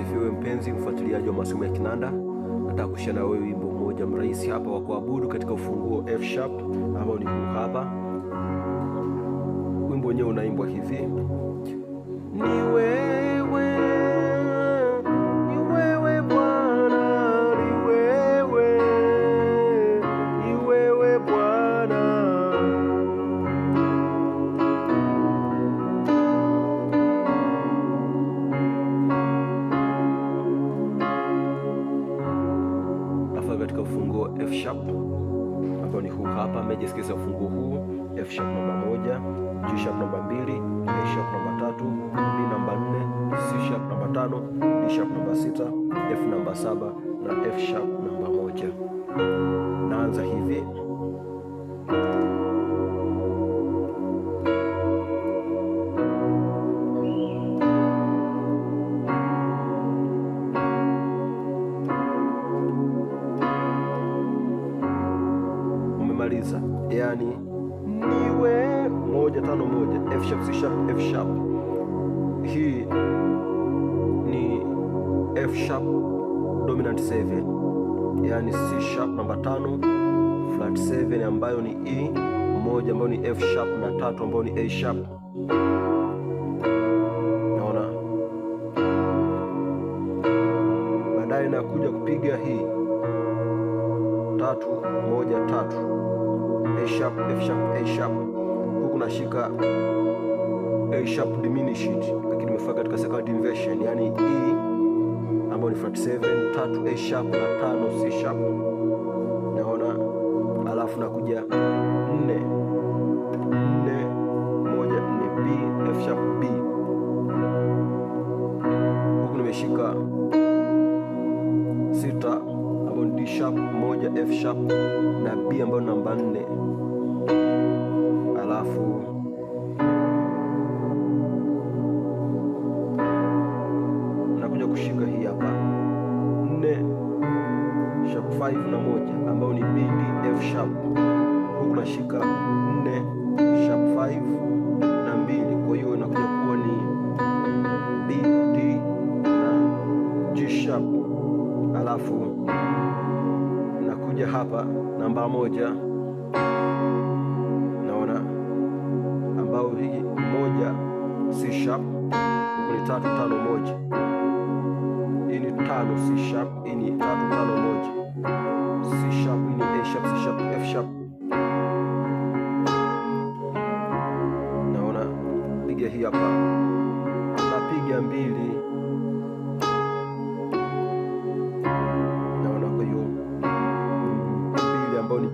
usifiwe mpenzi mfuatiliaji wa masomo ya kinanda, nataka kushia na wewe wimbo mmoja mrahisi hapa wa kuabudu katika ufunguo F sharp ambao ni huu hapa. Wimbo wenyewe unaimbwa hivi: niwe ufunguo F sharp ambao ni huu hapa, major ufungo ufunguo huu F sharp namba moja, G sharp namba mbili, A sharp namba tatu, B namba nne, C sharp namba tano, D sharp namba sita, F namba saba na F sharp namba moja. kabisa, yani niwe moja tano moja F sharp C sharp F sharp. Hii ni F sharp dominant 7 yani C sharp namba tano flat 7 ambayo ni E moja ambayo ni F sharp na tatu ambayo ni A sharp. Naona baadaye nakuja kupiga hii tatu moja tatu A sharp, F sharp, A sharp. Huku nashika A sharp diminished, lakini nimefika katika second inversion, yani E ambayo ni flat 7 tatu A sharp na tano C sharp, naona alafu nakuja nne nne moja nne B F sharp B, huku nimeshika sita sharp moja F sharp na B ambayo namba nne, alafu nakuja kushika hii hapa nne sharp 5 na moja ambayo ni B D F sharp, huku nashika nne sharp 5 na mbili, kwa hiyo inakuja kuwa ni B D na G sharp alafu moja hapa, namba moja, naona ambao hii moja C sharp ni tatu tano moja, hii ni tano C sharp, hii ni tatu tano moja C sharp, hii ni A sharp, C sharp, F sharp. Naona piga hii hapa, napiga mbili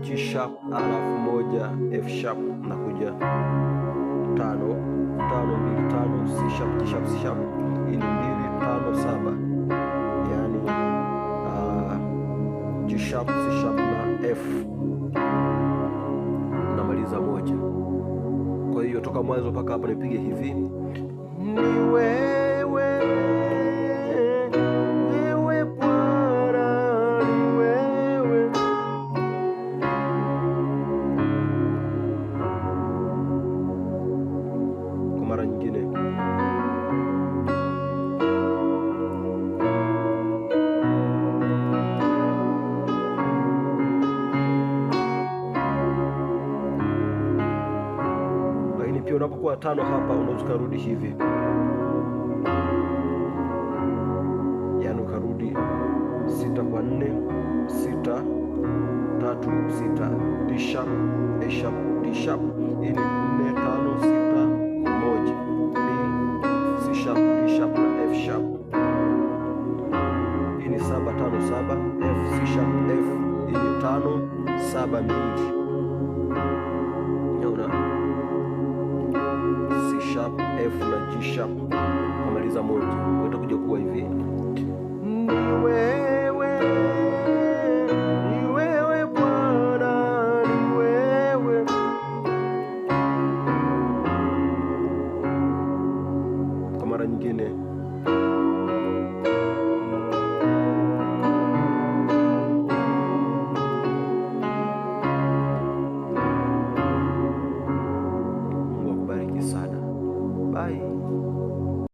G sharp alafu moja F sharp na kuja tano tano mbili tano C sharp G sharp C sharp ini mbili tano saba, yani uh, ah, G sharp C sharp na F namaliza moja. Kwa hiyo toka mwanzo mpaka hapa nipige hivi niwe mara nyingine. Lakini pia unapokuwa tano hapa, unaweza ukarudi hivi, yaani ukarudi sita kwa nne, sita tatu, sita, D sharp, A sharp, D sharp. Hii nne tano saba F C sharp F hiyo tano saba mbili naona C sharp F na G sharp kamaliza moja, itakuja kuwa hivi ni wewe